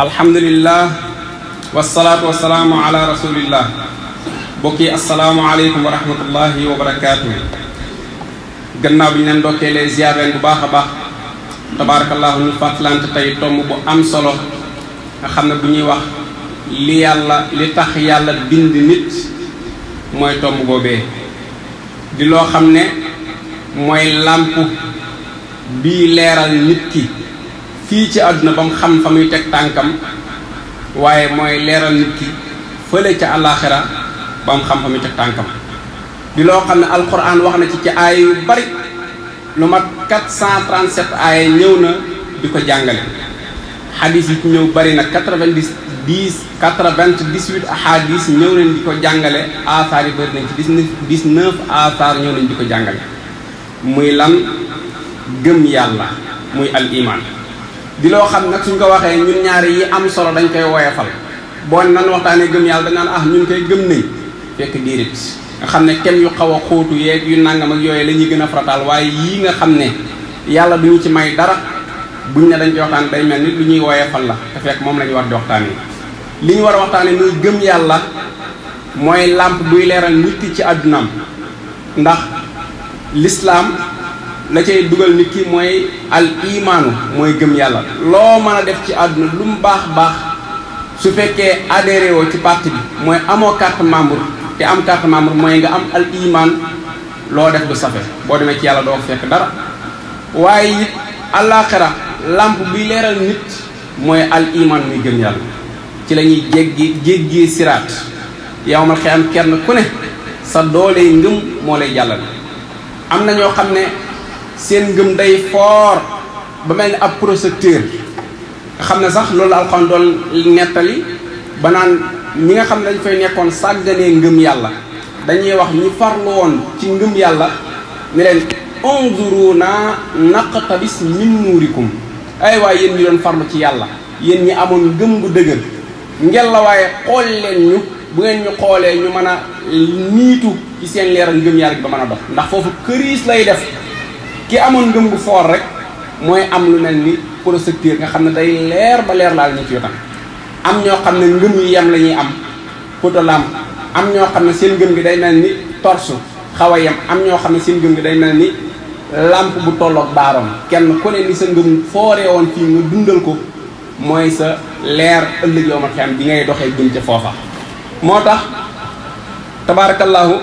الحمد لله والصلاة والسلام على رسول الله بكي السلام عليكم ورحمة الله وبركاته جنا بنين بكي لزيارة بباخ باخ تبارك الله نفاتلان تطيطم بو أمسلو خمنا بني وخ لي الله لتخي الله دين دينيت موي توم بي دي خمنا موي لامبو بي ليرال نيت fii ci àdduna ba mu xam fa muy teg tànkam waaye mooy leeral nit ki fële ca àllaaxira ba mu xam fa muy teg tànkam di loo xam ne alxuraan wax na ci ci aaya yu bari lu mat 437 aaya ñëw na di ko jàngale xadis yi ci ñëw bari na 90 10 98 ahadis ñëw nañ di ko jàngale asaar yi bari nañ ci 19 asaar ñëw nañ di ko jàngale muy lan gëm yàlla muy al iman di loo xam nag suñ ko waxee ñun ñaari yi am solo dañ koy woyefal boo ne nan waxtaanee gëm yàlla dañ naan ah ñun koy gëm nañ fekk diirit xam ne tem yu xaw a xóotu yeeg yu nangam ak yooyu la ñuy gën a farataal waaye yii nga xam ne yàlla du ñu ci may dara buñ ne dañu koy waxtaan day mel ni lu ñuy woyefal la te fekk moom la ñu war di waxtaanee li ñu war a waxtaanee muy gëm yàlla mooy làmp buy leeral nit ki ci àddunaam ndax lislaam la cay dugal nit ki mooy al imaanu mooy gëm yàlla loo mën a def ci àdduna lu mu baax baax su fekkee adhéré woo ci parti bi mooy amoo carte membre te am carte membre mooy nga am al imaan loo def du safe boo demee ci yàlla doo fekk dara waaye it àllaaxira làmp bi leeral nit mooy al imaan muy gëm yàlla ci lañuy ñuy jéggi jéggee siraat yow ma xëy am kenn ku ne sa doole ngëm moo lay jàllale am na ñoo xam ne seen ngëm day fort ba mel ni ab projecteur nga xam ne sax loolu la alxuraan doon nettali ba naan ñi nga xam ne dañ fay nekkoon sàgganee ngëm yàlla dañuy wax ñu farlu woon ci ngëm yàlla ni leen unzuruna naqtabis min nuurikum ay waaye yéen ñi doon farlu ci yàlla yéen ñi amoon ngëm bu dëgër la waaye xool leen ñu bu ngeen ñu xoolee ñu mën a niitu ci seen leeral ngëm yàlla gi ba mën a dox ndax foofu këriis lay def ki amoon ngëm bu foor rek mooy am lu mel ni projecteur nga xam ne day leer ba leer laal ñu ci yotam am ñoo xam ne ngëm yi yem la ñuy am poto lamp am ñoo xam ne seen ngëm gi day mel ni torsu xaw a yem am ñoo xam ne seen ngëm gi day mel ni làmp bu tolloog baaroom kenn ku ne ni sa ngëm fooree woon fii nga dundal ko mooy sa leer ëllëg yow ma xam bi ngay doxe jëm ca foofa moo tax tabaarakallaahu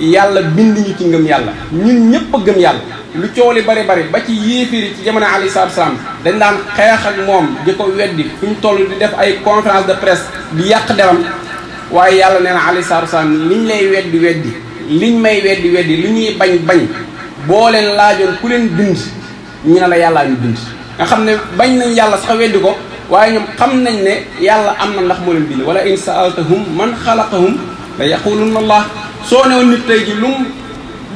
yàlla bind ñu ci ngëm yàlla ñun ñëpp a gëm yàlla lu coow li bari bari ba ci yéeféeri ci jamono alayhi salaatu salaam dañ daan xeex ak moom di ko weddi fu ñu toll di def ay conférence de presse bi yàq deram waaye yàlla nee na alayhi salaatu salaam liñ lay weddi weddi liñ may weddi weddi li ñuy bañ bañ boo leen laajoon ku leen bind ñu ne la yàllaa ñu bind nga xam ne bañ nañ yàlla sax weddi ko waaye ñoom xam nañ ne yàlla am na ndax moo leen bind wala in saaltahum man xalaqahum la yaqulunna allah soo newoon nit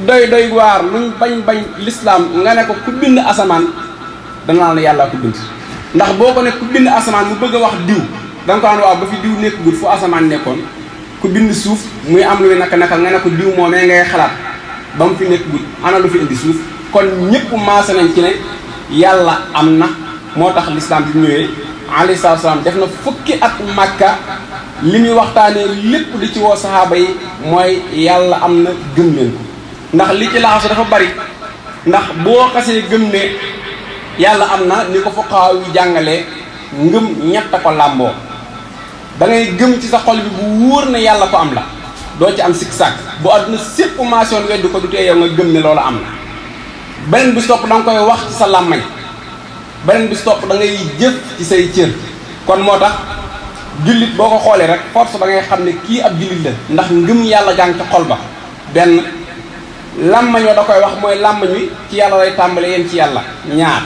doy doy waar luñ bañ bañ lislaam nga ne ko ku bind asamaan danaa la yàlla ku bind ndax boo ko ne ku bind asamaan mu bëgg a wax diw danga ko naan waaw ba fi diw nekkagul fu asamaan nekkoon ku bind suuf muy am lu naka naka nga ne ko diw moomee ngay xalaat ba mu fi nekkagul ana lu fi indi suuf kon ñëpp maase nañ ci ne yàlla am na moo tax lislaam bi ñëwee alayhi salaam def na fukki at màkka li muy waxtaanee lépp di ci woo saxaaba yi mooy yàlla am na gëm leen ndax li ci laxasu dafa bari ndax boo xasee gëm ne yàlla am na ni ko fuqaaw yi jàngale ngëm ñett ko làmboo da ngay gëm ci sa xol bi bu wóor ne yàlla ko am la doo ci am sik sàkk bu àdduna sépp maasoon wedd ko du tee yow nga gëm ne loola am na beneen bi topp da nga koy wax ci sa làmmañ beneen bi topp da ngay jëf ci say cër kon moo tax jullit boo ko xoolee rek force ba ngay xam ne kii ab jullit la ndax ngëm yàlla jàng ci xol ba benn làmmañ wa da koy wax mooy làmmañ wi ci yàlla lay tàmbale yem ci yàlla ñaar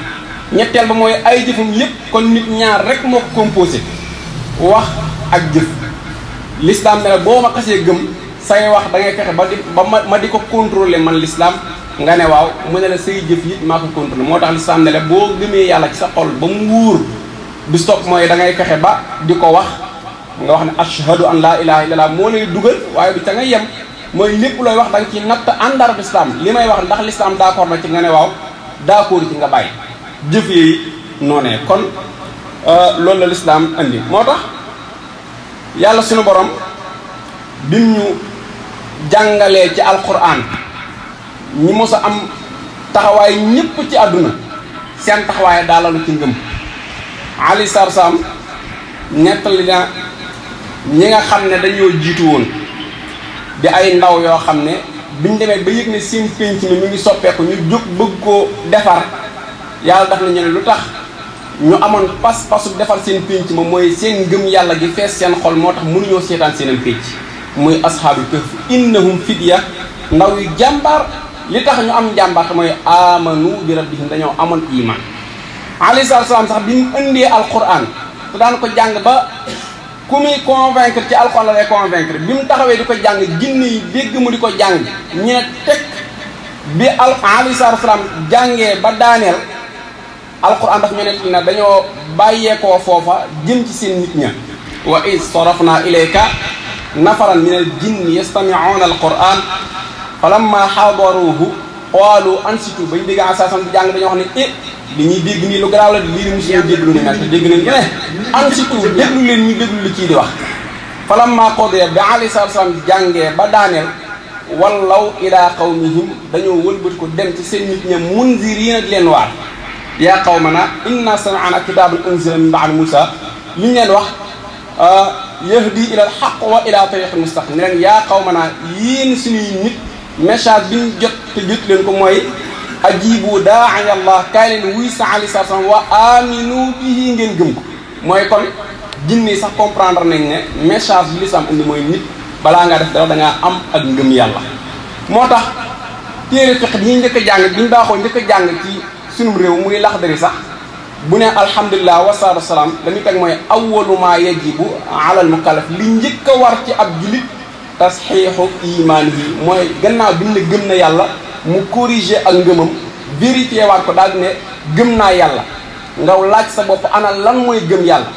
ñetteel ba mooy ay jëfam yépp kon nit ñaar rek moo ko composé wax ak jëf lislaam ne boo ma xasee gëm say wax da ngay fexe ba di ba ma di ko contrôler man lislaam nga ne waaw mu ne la say jëf yi maa ko moo tax lislaam ne boo gëmee yàlla ci sa xol ba mu wóor du stop mooy da ngay ba di ko wax nga wax ne ashhadu an laa ilaha illallah moo lay dugal waaye du ca nga yem mooy lépp looy wax da nga ci natt àndar lislaam li may wax ndax lislaam d'accord na ci nga ne waaw d'accord ci nga bàyyi jëf yi noonee kon euh, loolu la lislaam indi moo tax yàlla sunu borom bim ñu jàngalee ci alquran ñi mos am taxawaay ñëpp ci àdduna seen taxawaay daalalu ci ngëm ali sarsam ñettali na ñi nga xam ne dañoo jiitu woon di ay ndaw yoo xam ne biñ demee ba yëg ne seen pénc mi mu ngi soppeeku ñu jóg bëgg koo defar yàlla daf nañu ne lu tax ñu amoon pas pasu defar seen pénc ma mooy seen ngëm yàlla gi fees seen xol moo tax mënuñoo seetaan seenam pénc muy ashabu këf innahum fidya ndaw yu jàmbaar li tax ñu am jàmbaar mooy amanu bi rabbihim dañoo amoon iman alayhi salaam sax bi mu indee alquran daan ko jàng ba ku muy convaincre ci alxuraan la lay convaincre bi mu taxawee di ko jàng jinne yi dégg mu di ko jàng ñu ne bi al alayhi salaatu salaam jàngee ba daaneel alxuraan daf ñu ne na dañoo bàyyeekoo foofa jëm ci seen nit ña wa is sarafna ilayka nafaran min al jinni yastami'una al qur'an falamma hadaruhu qalu ansitu bañ dégg asaasam di jàng dañoo wax ne eh, li ñuy dégg nii lu garaaw la lii de monsieur dégg lu ne dégg nañ ne ansitu déglu leen ñu déglu li kii di wax falam maa xodee bi alei salatu salaam jàngee ba daaneel wallaw ilaa qawmihim dañoo wëlbati ko dem ci seen nit ña munziriina di leen waar yaa naa inna sami'na kitaaban unzila min ba'di Muusaa li ñu leen wax ah, yahdi ilal haqq wa ilaa tariiqil mustaqiim ne leen yaa qawmana yéen suñuy nit message bi ñu jot te jot leen ko mooy ajibu daai allah kaay leen wuy sa ali sa wa aminu ngeen gëm ko mooy kon jinne sax comprendre nañ ne message bi lislaam indi mooy nit balaa ngaa def dara da ngaa am ak ngëm yàlla moo tax téere fiq bi ñu njëkk a jàng bi njëkk jàng ci sunum réew muy laxdari sax bu ne alhamdulilah wasalaatu wasalaam la ñu teg mooy awwalu maa yajibu alal mukallaf li njëkk a war ci ab jullit tasxiixu imaanihi mooy gannaaw bi ñu ne gëm na yàlla mu corriger ak ngëmam vérifié waat ko daal ne gëm naa yàlla ngaw laaj sa bopp ana lan mooy gëm yàlla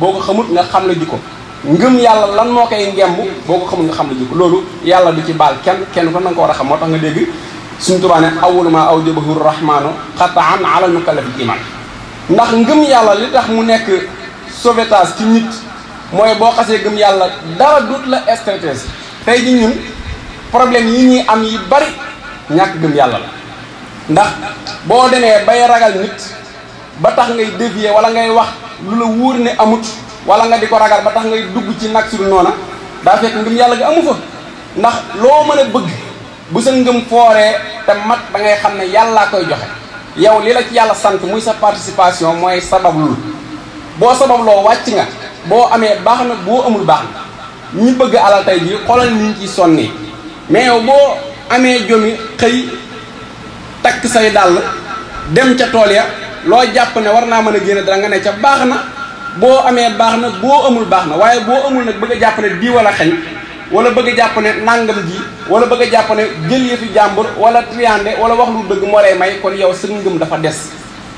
boo ko xamut nga xam la jikko ngëm yàlla lan moo koy ngemb boo ko xamul nga xam la jikko loolu yàlla du ci baal kenn kenn ko na ko war a xam moo tax nga dégg suñu tubaa ne awwalu maa awjabahu rahmaanu xataan ala mukallafi iman ndax ngëm yàlla li tax mu nekk sauvetage ci nit mooy boo xasee gëm yàlla dara dut la stress tey ji ñun problème yi ñuy am bari ñak gëm yalla la ndax bo demee bay ragal nit ba tax ngay dévier wala ngay wax lu la wuur ne amut wala nga diko ragal ba tax ngay dugg ci nak sur nona da fekk ngëm yalla ga amu fa ndax lo mëna bëgg bu sa ngëm foré té mat ba ngay xamné ne koy joxé yow li la ci yalla sante muy sa participation lu bo sabab lo wacc nga bo amé baxna bo amul bax ñi bëgg alal tay jii xolal ni ñu sonni mais yow jomi xëy takk say dàll dem ca tool ya loo jàpp ne war naa mën a génne dara nga ne ca baax na boo amee baax na boo amul baax na waaye boo amul nag bëgg a jàpp ne di wala xañ wala bëgg a jàpp ne nàngam ji wala bëgg a jàpp ne jël yëfi jàmbur wala triande wala wax lu dëgg moo lay may kon yow sa ngëm dafa des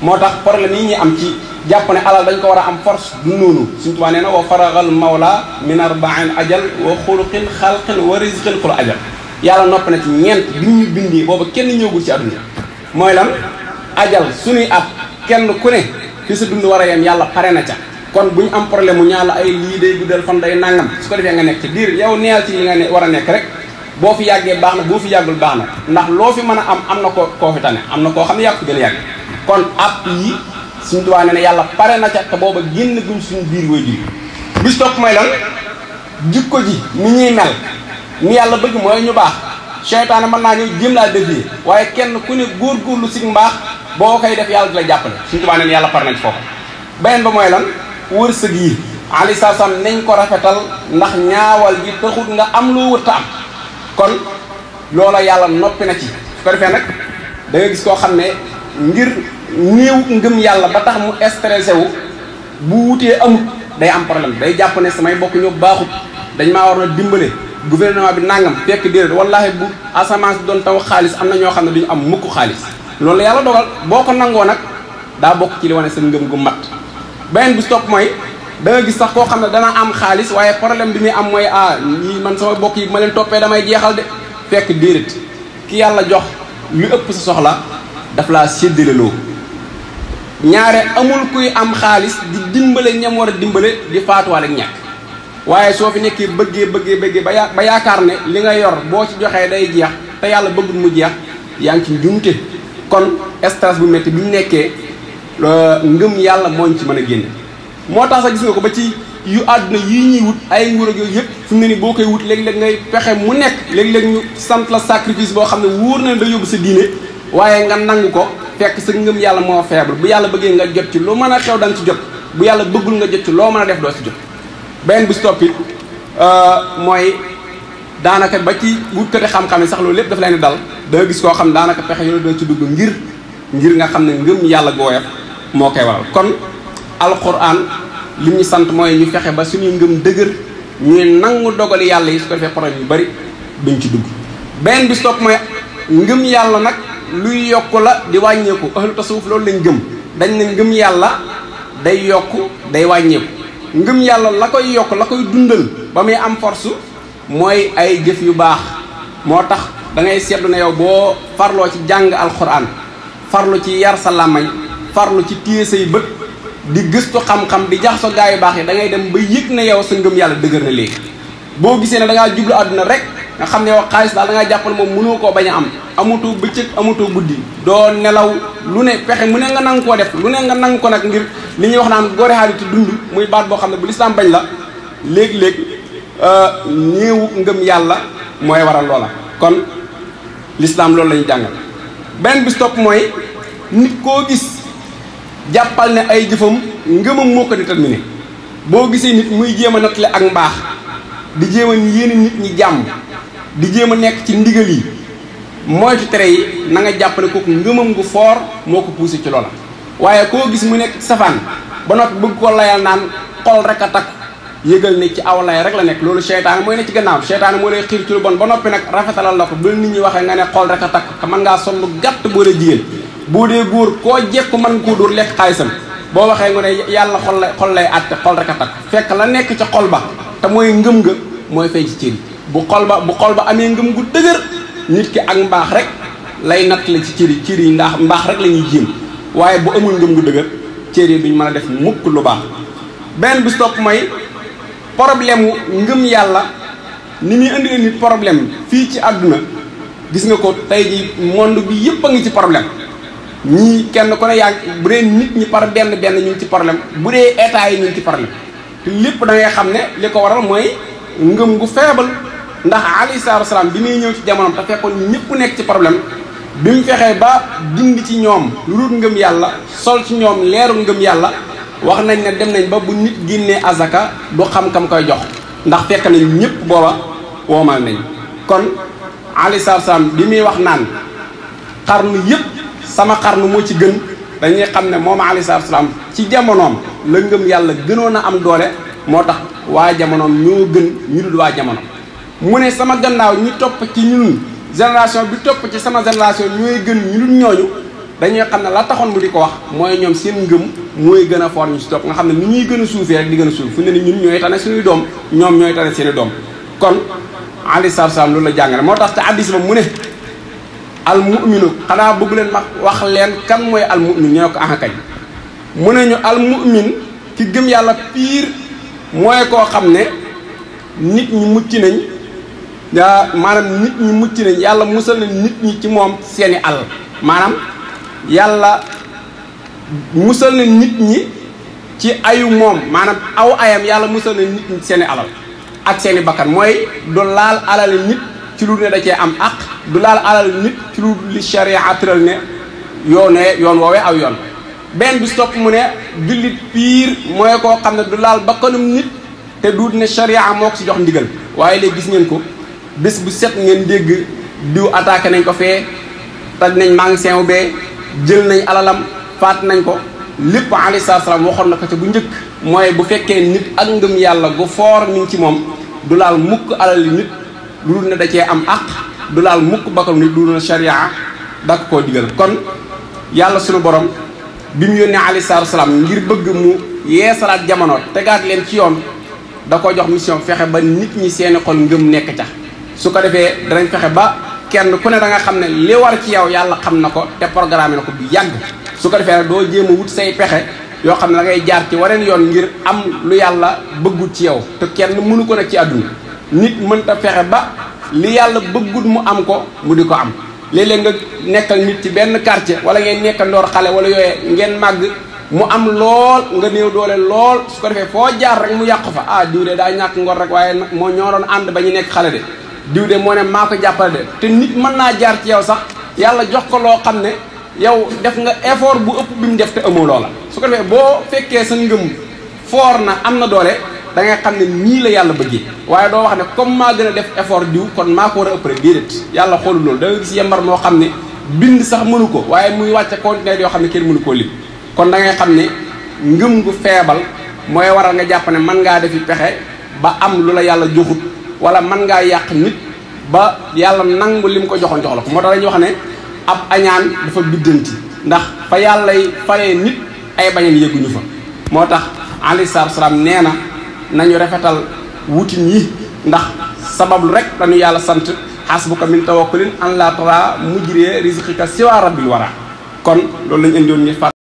moo tax la yi ñu am ci jàpp ne alal dañ ko war a am force du noonu suñu tubaab nee na wa faragal mawla min arbain ajal wa xuluqin xalqin wa rizqin xul ajal yàlla nopp na ci ñeent bi ñu bindee booba kenn ñëw ñëwagul ci àdduna mooy lan ajal suñuy ab kenn ku ne fi sa dund war a yem yàlla pare na ca kon bu ñu am problème mu ñaala ay lii day guddal fan day nangam su ko defee nga nekk ci diir yow neel ci li nga ne war a nekk rek boo fi yàggee baax na boo fi yàggul baax na ndax loo fi mën a am am na ko koo fi tane am na koo xam ne yàgg gën a yàgg kon app yi suñ tubaab ne ne yàlla pare na ca te booba génn guñ suñu biir way jur bis topp mooy lan jikko ji ni ñuy mel ni yalla bëgg moy ñu baax cheytaane mën naa ñëw jëm laa yi waye kenn ku ne lu si mbaax bo koy def yalla dila la suñu tuba tubaa neen yàlla par nañ foofu beneen ba moy lan wërseug yi ali sallam nañ ko rafetal ndax ñaawal gi taxut nga am lu wëtta am kon loola yalla noppi na ci ko defé nak da nga gis ko xamné ngir néew ngëm yalla ba tax mu stressé wu bu wuté amut day am problème day japp ne samay bokk ñoo baaxut dañ ma warna dimbalé gouvernement bi nangam tek deer wallahi bu assamance don taw khalis amna ño xamne duñ am mukk xaalis loolu yalla dogal boko nango nak da bok ci li wone seen ngeum gu mat benen bu stop moy da nga gis sax ko xamne dana am khalis waye problème bi ni am moy ah ni man sama bok yi ma len topé damay jéxal de fekk deerit ki yalla jox lu ëpp sa soxla daf laa séddaleloo ñaare amul kuy am khalis di dimbalé ñam wara dimbalé di faatuwaale ak ñak waaye soo fi nekkee bëggee bëggee bëggee ba ya ba yaakaar ne li nga yor boo ci joxee day jeex te yàlla bëggul mu jeex yaa ngi ci njuumte kon stress bu metti bi ñu nekkee euh, ngëm yàlla mooñ ci mën a génne moo tax sax gis nga ko ba ci yu àdduna yi ñuy wut ay nguur ak yooyu yëpp fu mu ne ni boo koy wut léeg-léeg ngay pexe mu nekk léeg-léeg ñu sant la sacrifice boo xam ne wóor na da yóbbu sa diine waaye nga nangu ko fekk sa ngëm yàlla moo faible bu yàlla bëggee nga jot ci lu mën a xew da nga ci jot bu yàlla bëggul nga jot ci loo mën a def doo ci jot beneen bu si toppit euh, mooy daanaka ba ci wutkati xam-xam yi sax loolu lépp dafa leen dal da gis koo xam daanaka pexe yooyu doo ci dugg ngir ngir nga xam ne ngëm yàlla gooyat moo koy waral kon alquran li ñu sant mooy ñu fexe ba suñu ngëm dëgër ñuy nangu dogali yàlla yi su ko defee problème yu bari duñ ci dugg beneen bi stop mooy ngëm yàlla nag luy yokk la di wàññeeku ahlu tasawuf loolu lañ gëm dañ ne ngëm yàlla day yokk day wàññeeku ngëm yàlla la koy yokk la koy dundal ba muy am force mooy ay jëf yu baax moo tax dangay ngay seetlu ne yow boo farloo ci jàng alxuraan farlu ci yar sa làmmañ farlu ci tiye say bët di gëstu xam-xam di jaxasoo gaa yu baax yi da ngay dem ba yëg na yow sa ngëm yàlla dëgër na léegi. boo gisee ne da ngaa jublu àdduna rek nga xam ne yow xaalis daal da ngaa jàppal moom mënoo koo bañ a am amutoo bëccëg amutoo guddi doo nelaw lu ne pexe mu ne nga nangu koo def lu ne nga nangu ko nag ngir li ñuy wax naan gore xaalitu dund muy baat boo xam ne bu lislaam bañ la léeg-léeg euh, néewu ngëm yàlla mooy waral loola kon lislaam loolu la jàng jàngal beneen bi stop mooy nit koo gis jàppal ne ay jëfam ngëmam moo ko déterminé boo gisee nit muy jéem a ak mbaax di jéem a yéene nit ñi jàm di jema nek ci ndigal yi ci tere yi na nga japp ne kooku ngeumam gu foor moko ko ci lola waye ko gis mu nek safan ba noppi bëgg ko layal naan xol rek tak yegal ne ci awlay rek la nek lolu shaytan moy ne ci gannaaw shaytan moo lay xir ci lu bon ba nopi nak rafetalal la ko bu nit ñi waxe nga ne xol rek tak ka man nga sonu gatt bo le jigen bo de goor ko man ko dur lek xaysam bo waxe ngone yalla xol xol lay xol rek tak fek la nek ci xol ba ta moy ngeum nga moy fay ci ciri bu xol ba bu xol ba amee ngëm gu dëgër nit ki ak mbaax rek lay natt la ci cër yi cër yi ndax mbaax rek la ñuy jéem waaye bu amul ngëm gu dëgër cër yi duñ mën a def mukk lu baax benn bi topp mooy problème wu ngëm yàlla ni muy indi nit problème fii ci àdduna gis nga ko tey ji monde bi yëpp a ngi ci problème ñii kenn ku ne bu dee nit ñi par benn benn ñu ci problème bu dee état yi ñu ngi ci problème te lépp da ngay xam ne li ko waral mooy ngëm gu faible ndax alayhi salaatu salaam bi muy ñëw ci jamonoom te fekkoon ñëpp nekk ci problème bi mu fexee ba dindi ci ñoom lu dul ngëm yàlla sol ci ñoom leerul ngëm yàlla wax nañ ne dem nañ ba bu nit génnee azaka du xam kam koy jox ndax fekk nañ ñëpp booba woomal nañ kon alayhi salaatu salaam bi muy wax naan xarnu yëpp sama xarnu moo ci gën dañuy xam ne moom alayhi salaatu ci jamonoom la ngëm yàlla gënoon a am doole moo tax waa jamonoom ñoo gën ñu dul waa jamono mu ne sama gannaaw ñu topp ci ñun génération bi topp ci sama génération ñooy gën ñu dul ñooñu dañuy xam ne la taxoon mu di ko wax mooy ñoom seen ngëm mooy gën a for ñu si topp nga xam ne ni ñuy gën a suufee rek di gën a suuf fu ne ni ñun ñooy tane suñuy doom ñoom ñooy tane seen doom kon alei satu salaam loolu la jàngale moo tax te hadiis mu ne al mu'minu xanaa bëgg leen ma wax leen kan mooy al mu'min ñu ko ahakañ mu ne ñu al mu'min ki gëm yàlla piir mooy koo xam ne nit ñi mucc nañ yaa maanaam nit ñi mucc nañ yàlla musal na nit ñi ci moom seeni alal maanaam yàlla musal na nit ñi ci ayu moom maanaam aw ayam yàlla musal na nit ñi seeni alal ak seeni bakkan mooy du laal alali nit ci lu ne da cee am àq du laal alal nit ci lu li charia tëral ne yoonee yoon woowee aw yoon benn bi sopp mu ne jullit piir mooy koo xam ne du laal bakkanum nit te duut ne charia moo ko si jox ndigal waaye léegi gis ngeen ko bés bu set ngeen dégg diw attaqué nañ ko fee taj nañ magasin wu bee jël nañ alalam faat nañ ko lépp alayhi salaam waxoon na ko ca bu njëkk mooy bu fekkee nit ak ngëm yàlla gu foor mi ci moom du laal mukk alali nit lu ne da cee am àq du laal mukk bakkam nit lu ne sharia dakk koo digal kon yàlla sunu borom bi mu yónnee alayhi salaam ngir bëgg mu yeesalaat jamono tegaat leen ci yoon da ko jox mission fexe ba nit ñi seeni xol ngëm nekk ca su ko defee danañ fexe ba kenn ku ne da nga xam ne li war ci yow yàlla xam na ko te programme na ko bu yàgg su ko defee nag doo jéem wut say pexe yoo xam ne da jaar ci waneen yoon ngir am lu yàlla bëggut ci yow te kenn mënu ko nag ci àdduna nit mën mënta fexe ba li yàlla bëggut mu am ko mu di ko am léeg-léeg nga nekkal nit ci benn quartier wala ngeen nekkal ndoor xale wala yooyee ngeen màgg mu am lool nga néew doole lool su ko defee foo jaar rek mu yàqu fa ah diw de daa ñàkk ngor rek waaye moo ñoo ànd ba ñu nekk xale de diw de moo ne maa ko jàppale de te nit mën naa jaar ci yow sax yàlla jox ko loo xam ne yow def nga effort bu ëpp bi mu def te amoo loola su ko defee boo fekkee sa ngëm foor na am na doole da ngay xam ne nii la yàlla bëggee waaye doo wax ne comme maa gën a def effort diw kon maa ko war a ëpp rek déedéet yàlla xoolul loolu da nga gis yembar moo xam ne bind sax mënu ko waaye muy wàcce conteneur yoo xam ne kenn mënu koo lim kon da ngay xam ne ngëm gu feebal mooy waral nga jàpp ne mën ngaa defi pexe ba am lu la yàlla joxut wala man nga yàq nit ba yàlla nangu lim ko joxon jox ko moo tax dañuy wax ne ab añaan dafa biddanti ndax fa yàllay faree nit ay bañam yëguñu fa moo tax aleyhi salaatu salaam nee na nañu rafetal wutin yi ndax sabablu rek lañu yàlla sant hasbuka min tawakkulin an la tara mujree rizqika siwa rabbil wara kon loolu lañ indiwoon ñi